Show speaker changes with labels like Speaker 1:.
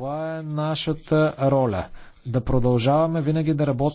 Speaker 1: Това е нашата роля. Да продължаваме винаги да работим.